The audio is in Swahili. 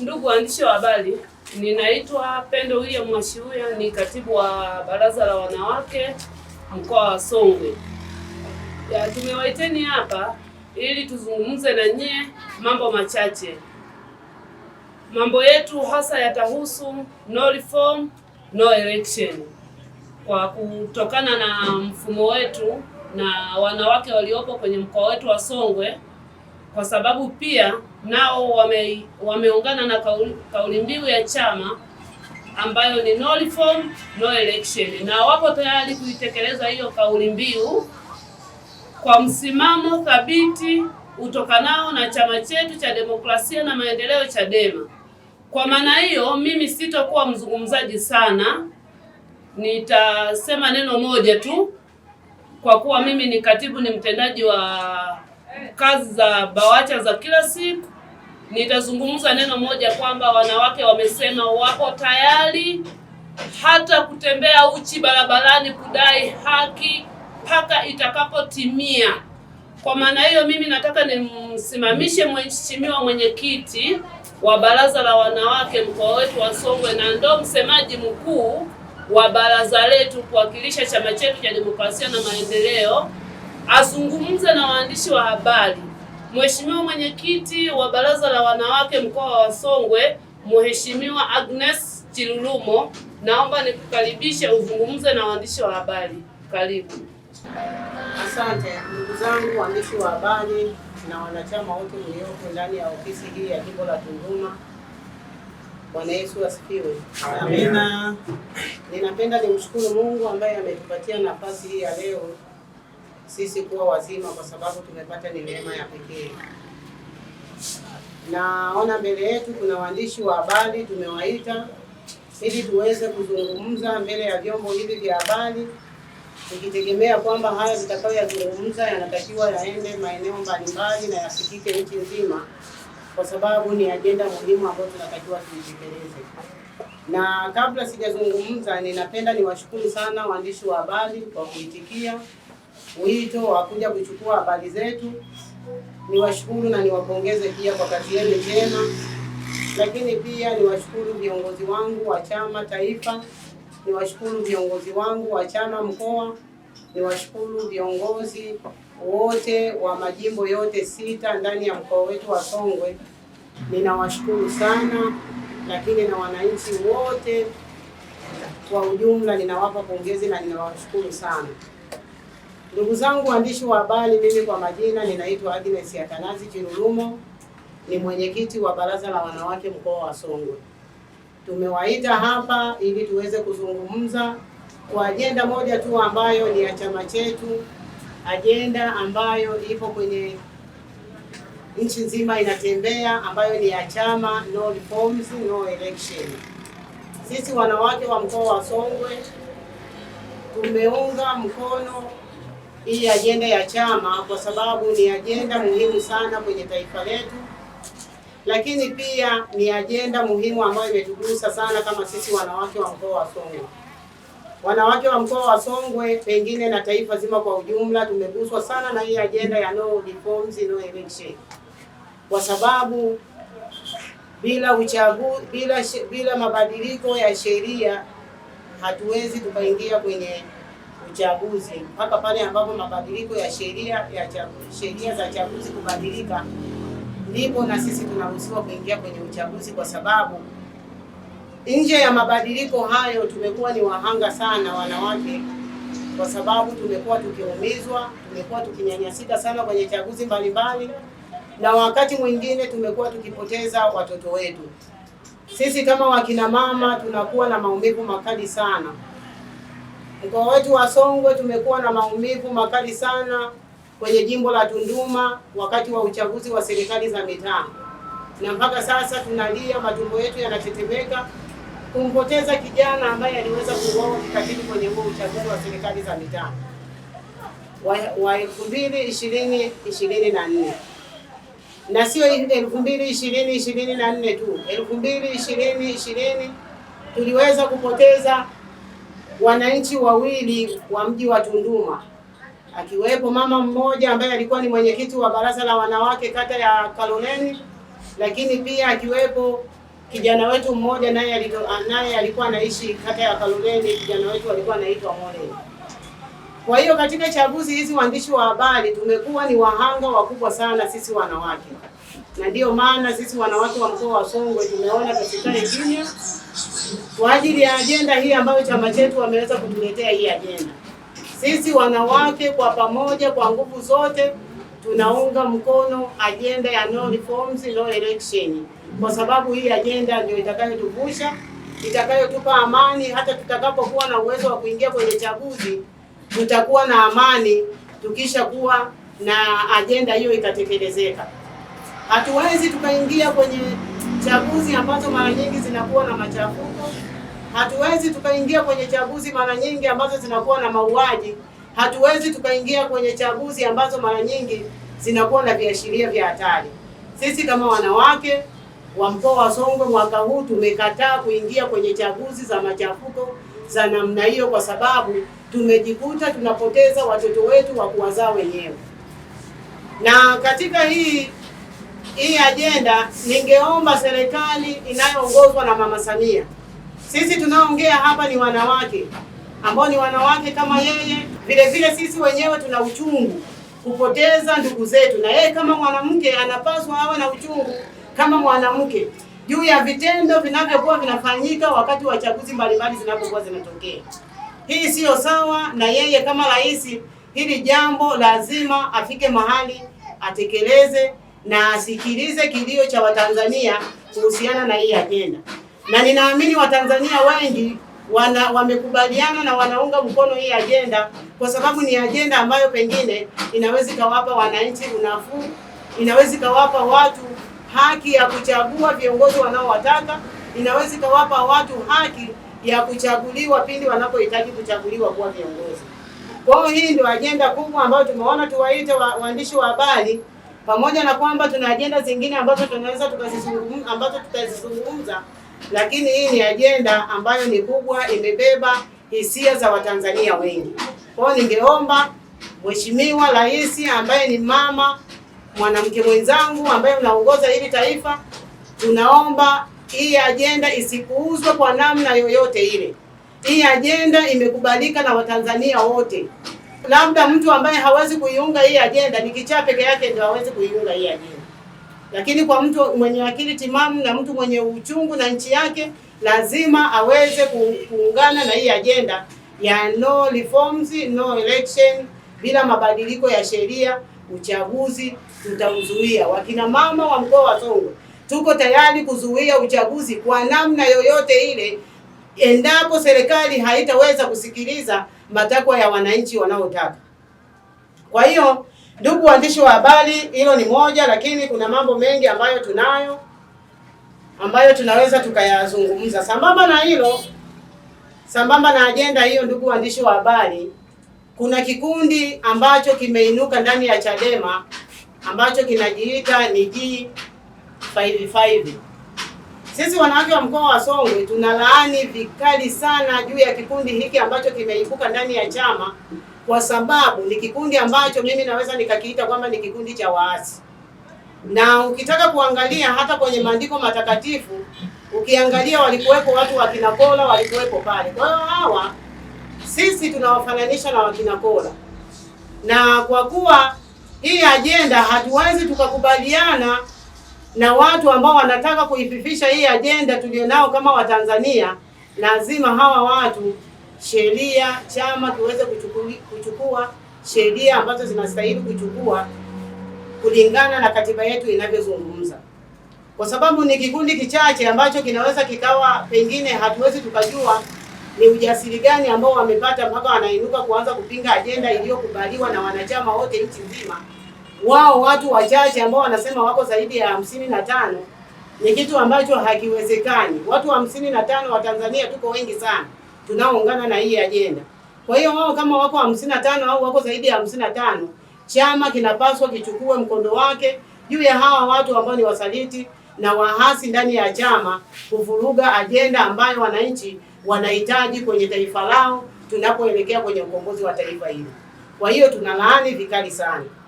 Ndugu waandishi wa habari, ninaitwa Pendo William Mwashiuya, ni katibu wa baraza la wanawake mkoa wa Songwe. Tumewaiteni hapa ili tuzungumze na nyie mambo machache. Mambo yetu hasa yatahusu no reform no election, kwa kutokana na mfumo wetu na wanawake waliopo kwenye mkoa wetu wa Songwe kwa sababu pia nao wame, wameungana na kauli, kauli mbiu ya chama ambayo ni no reform no election, na wapo tayari kuitekeleza hiyo kauli mbiu kwa msimamo thabiti utokanao na chama chetu cha demokrasia na maendeleo Chadema. Kwa maana hiyo, mimi sitokuwa mzungumzaji sana, nitasema neno moja tu, kwa kuwa mimi ni katibu, ni mtendaji wa kazi za BAWACHA za kila siku, nitazungumza neno moja kwamba wanawake wamesema wako tayari hata kutembea uchi barabarani kudai haki mpaka itakapotimia. Kwa maana hiyo, mimi nataka nimsimamishe mheshimiwa mwenyekiti wa baraza la wanawake mkoa wetu wa Songwe na ndo msemaji mkuu wa baraza letu kuwakilisha chama chetu cha Demokrasia na Maendeleo azungumze na waandishi wa habari. Mheshimiwa mwenyekiti wa baraza la wanawake mkoa wa Songwe, Mheshimiwa Agnes Chilulumo, naomba nikukaribishe uzungumze na waandishi wa habari. Karibu. Asante ndugu zangu waandishi wa habari na wanachama wote mlioko ndani ya ofisi hii ya jimbo la Tunduma. Bwana Yesu asifiwe. Amina. Ninapenda nimshukuru Mungu ambaye ametupatia nafasi hii ya leo sisi kuwa wazima, kwa sababu tumepata ni neema ya pekee. Naona mbele yetu kuna waandishi wa habari tumewaita ili tuweze kuzungumza mbele ya vyombo hivi vya habari, tukitegemea kwamba haya yazungumza yanatakiwa yaende maeneo mbalimbali na yafikike nchi nzima, kwa sababu ni ajenda muhimu ambayo tunatakiwa tuitekeleze. Na kabla sijazungumza, ninapenda niwashukuru sana waandishi wa habari kwa kuitikia wito wa kuja kuchukua habari zetu. Niwashukuru na niwapongeze pia kwa kazi yenu njema, lakini pia niwashukuru viongozi wangu wa chama taifa, niwashukuru viongozi wangu wa chama mkoa, niwashukuru viongozi wote wa majimbo yote sita ndani ya mkoa wetu wa Songwe. Ninawashukuru sana, lakini na wananchi wote kwa ujumla ninawapa pongezi na ninawashukuru sana. Ndugu zangu waandishi wa habari, mimi kwa majina ninaitwa Agnes Yakanazi chirurumo ni mwenyekiti wa baraza la wanawake mkoa wa Songwe. Tumewaita hapa ili tuweze kuzungumza kwa ajenda moja tu ambayo ni ya chama chetu, ajenda ambayo ipo kwenye nchi nzima inatembea, ambayo ni ya chama no reforms, no election. Sisi wanawake wa mkoa wa Songwe tumeunga mkono hii ajenda ya chama kwa sababu ni ajenda muhimu sana kwenye taifa letu, lakini pia ni ajenda muhimu ambayo imetugusa sana kama sisi wanawake wa mkoa wa Songwe. Wanawake wa mkoa wa Songwe pengine na taifa zima kwa ujumla, tumeguswa sana na hii ajenda ya no reforms no election, kwa sababu bila uchaguzi, bila, bila mabadiliko ya sheria hatuwezi tukaingia kwenye uchaguzi mpaka pale ambapo mabadiliko ya sheria ya sheria za chaguzi kubadilika, ndipo na sisi tunaruhusiwa kuingia kwenye uchaguzi, kwa sababu nje ya mabadiliko hayo tumekuwa ni wahanga sana wanawake, kwa sababu tumekuwa tukiumizwa, tumekuwa tukinyanyasika sana kwenye chaguzi mbalimbali, na wakati mwingine tumekuwa tukipoteza watoto wetu. Sisi kama wakina mama tunakuwa na maumivu makali sana. Mkoa wetu wa Songwe tumekuwa na maumivu makali sana kwenye jimbo la Tunduma wakati wa uchaguzi wa serikali za mitaa, na mpaka sasa tunalia, matumbo yetu yanatetemeka kumpoteza kijana ambaye aliweza kuuawa kikatili kwenye huo uchaguzi wa serikali za mitaa wa elfu mbili ishirini ishirini na nne na sio elfu mbili ishirini ishirini na nne tu, elfu mbili ishirini ishirini tuliweza kupoteza wananchi wawili wa mji wa Tunduma akiwepo mama mmoja ambaye alikuwa ni mwenyekiti wa baraza la wanawake kata ya Kaloleni, lakini pia akiwepo kijana wetu mmoja naye naye alikuwa anaishi kata ya Kaloleni. Kijana wetu alikuwa anaitwa Mole. Kwa hiyo katika chaguzi hizi, waandishi wa habari, tumekuwa ni wahanga wakubwa sana sisi wanawake, na ndiyo maana sisi wanawake wa mkoa wa Songwe tumeona tusikali kimya kwa ajili ya ajenda hii ambayo chama chetu wameweza kutuletea hii ajenda. Sisi wanawake kwa pamoja, kwa nguvu zote tunaunga mkono ajenda ya no reforms, no election, kwa sababu hii ajenda ndio itakayotuvusha, itakayotupa amani. Hata tutakapokuwa na uwezo wa kuingia kwenye chaguzi, tutakuwa na amani tukisha kuwa na ajenda hiyo ikatekelezeka. Hatuwezi tukaingia kwenye chaguzi ambazo mara nyingi zinakuwa na machafuko. Hatuwezi tukaingia kwenye chaguzi mara nyingi ambazo zinakuwa na mauaji. Hatuwezi tukaingia kwenye chaguzi ambazo mara nyingi zinakuwa na viashiria vya hatari. Sisi kama wanawake wa mkoa wa Songwe mwaka huu tumekataa kuingia kwenye chaguzi za machafuko za namna hiyo, kwa sababu tumejikuta tunapoteza watoto wetu wa kuwazaa wenyewe, na katika hii hii ajenda, ningeomba serikali inayoongozwa na Mama Samia, sisi tunaoongea hapa ni wanawake ambao ni wanawake kama yeye, vile vile sisi wenyewe tuna uchungu kupoteza ndugu zetu, na yeye kama mwanamke anapaswa awe na uchungu kama mwanamke juu ya vitendo vinavyokuwa vinafanyika wakati wa chaguzi mbalimbali zinapokuwa zinatokea. Hii siyo sawa, na yeye kama rais, hili jambo lazima afike mahali atekeleze na asikilize kilio cha Watanzania kuhusiana na hii ajenda, na ninaamini Watanzania wengi wana, wamekubaliana na wanaunga mkono hii ajenda kwa sababu ni ajenda ambayo pengine inaweza ikawapa wananchi unafuu, inaweza ikawapa watu haki ya kuchagua viongozi wanaowataka, inaweza ikawapa watu haki ya kuchaguliwa pindi wanapohitaji kuchaguliwa kuwa viongozi. Kwa hiyo hii ndio ajenda kubwa ambayo tumeona tuwaite waandishi wa habari pamoja na kwamba tuna ajenda zingine ambazo tunaweza tukazizungumza, ambazo tutazizungumza, lakini hii ni ajenda ambayo ni kubwa, imebeba hisia za Watanzania wengi. Kwa hiyo ningeomba Mheshimiwa Rais ambaye ni mama mwanamke mwenzangu ambaye unaongoza hili taifa, tunaomba hii ajenda isipuuzwe kwa namna yoyote ile. Hii ajenda imekubalika na Watanzania wote labda mtu ambaye hawezi kuiunga hii ajenda ni kichaa peke yake ndio hawezi kuiunga hii ajenda, lakini kwa mtu mwenye akili timamu na mtu mwenye uchungu na nchi yake lazima aweze kuungana na hii ajenda ya no reforms, no election. Bila mabadiliko ya sheria, uchaguzi tutauzuia. Wakina mama wa mkoa wa Songwe tuko tayari kuzuia uchaguzi kwa namna yoyote ile endapo serikali haitaweza kusikiliza matakwa ya wananchi wanaotaka. Kwa hiyo, ndugu waandishi wa habari, hilo ni moja, lakini kuna mambo mengi ambayo tunayo ambayo tunaweza tukayazungumza. Sambamba na hilo, sambamba na ajenda hiyo, ndugu waandishi wa habari, kuna kikundi ambacho kimeinuka ndani ya Chadema ambacho kinajiita ni G55. Sisi wanawake wa mkoa wa Songwe tunalaani vikali sana juu ya kikundi hiki ambacho kimeibuka ndani ya chama, kwa sababu ni kikundi ambacho mimi naweza nikakiita kwamba ni kikundi cha waasi, na ukitaka kuangalia hata kwenye maandiko matakatifu ukiangalia walikuwepo watu wa Kola walikuwepo pale. Kwa hiyo hawa sisi tunawafananisha na wakina Kola, na kwa kuwa hii ajenda hatuwezi tukakubaliana na watu ambao wanataka kuififisha hii ajenda tulionao kama Watanzania, lazima hawa watu sheria, chama kiweze kuchukua sheria ambazo zinastahili kuchukua kulingana na katiba yetu inavyozungumza, kwa sababu ni kikundi kichache ambacho kinaweza kikawa, pengine hatuwezi tukajua ni ujasiri gani ambao wamepata mpaka wanainuka kuanza kupinga ajenda iliyokubaliwa na wanachama wote nchi nzima wao watu wachache ambao wanasema wako zaidi ya hamsini na tano ni kitu ambacho hakiwezekani. Watu hamsini na tano wa Tanzania tuko wengi sana tunaoungana na hii ajenda. Kwa hiyo wao kama wako hamsini na tano au wako zaidi ya hamsini na tano chama kinapaswa kichukue mkondo wake juu ya hawa watu ambao ni wasaliti na wahasi ndani ya chama kuvuruga ajenda ambayo wananchi wanahitaji kwenye taifa lao tunapoelekea kwenye ukombozi wa taifa hili. Kwa hiyo tunalaani vikali sana.